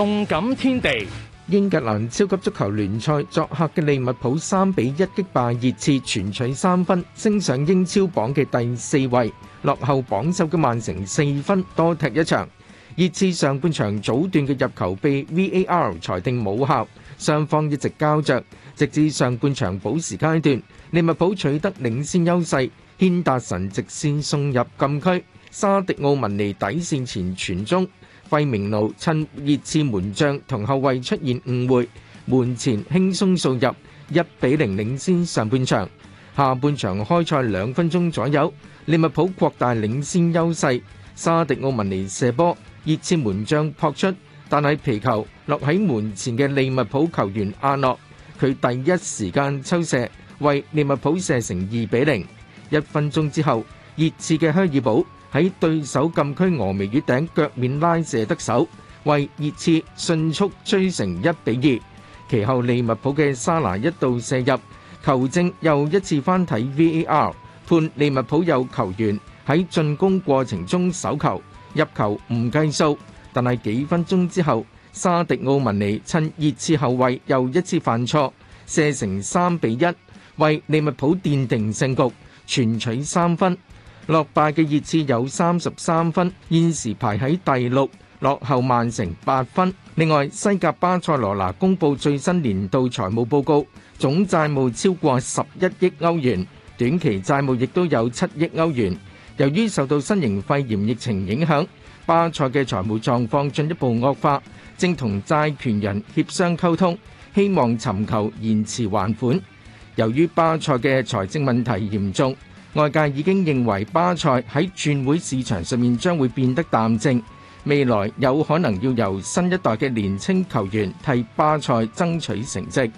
動感天地，英格蘭超級足球聯賽作客嘅利物浦三比一擊敗熱刺，全取三分，升上英超榜嘅第四位，落後榜首嘅曼城四分，多踢一場。熱刺上半場早段嘅入球被 VAR 裁定冇效，雙方一直交着，直至上半場補時階段，利物浦取得領先優勢，軒達臣直線送入禁區，沙迪奧文尼底線前傳中。費明奴趁熱刺門將同後衛出現誤會，門前輕鬆掃入，一比零領先上半場。下半場開賽兩分鐘左右，利物浦擴大領先優勢。沙迪奧文尼射波，熱刺門將撲出，但係皮球落喺門前嘅利物浦球員阿諾，佢第一時間抽射，為利物浦射成二比零。一分鐘之後，熱刺嘅香爾堡。喺對手禁區峨眉月頂腳面拉射得手，為熱刺迅速追成一比二。其後利物浦嘅沙拿一度射入，球證又一次翻睇 VAR，判利物浦有球員喺進攻過程中手球，入球唔計數。但係幾分鐘之後，沙迪奧文尼趁熱刺後衛又一次犯錯，射成三比一，為利物浦奠定勝局，全取三分。落敗嘅熱刺有三十三分，現時排喺第六，落後曼城八分。另外，西甲巴塞羅那公佈最新年度財務報告，總債務超過十一億歐元，短期債務亦都有七億歐元。由於受到新型肺炎疫情影響，巴塞嘅財務狀況進一步惡化，正同債權人協商溝通，希望尋求延遲還款。由於巴塞嘅財政問題嚴重，外界已經認為巴塞喺轉會市場上面將會變得淡靜，未來有可能要由新一代嘅年輕球員替巴塞爭取成績。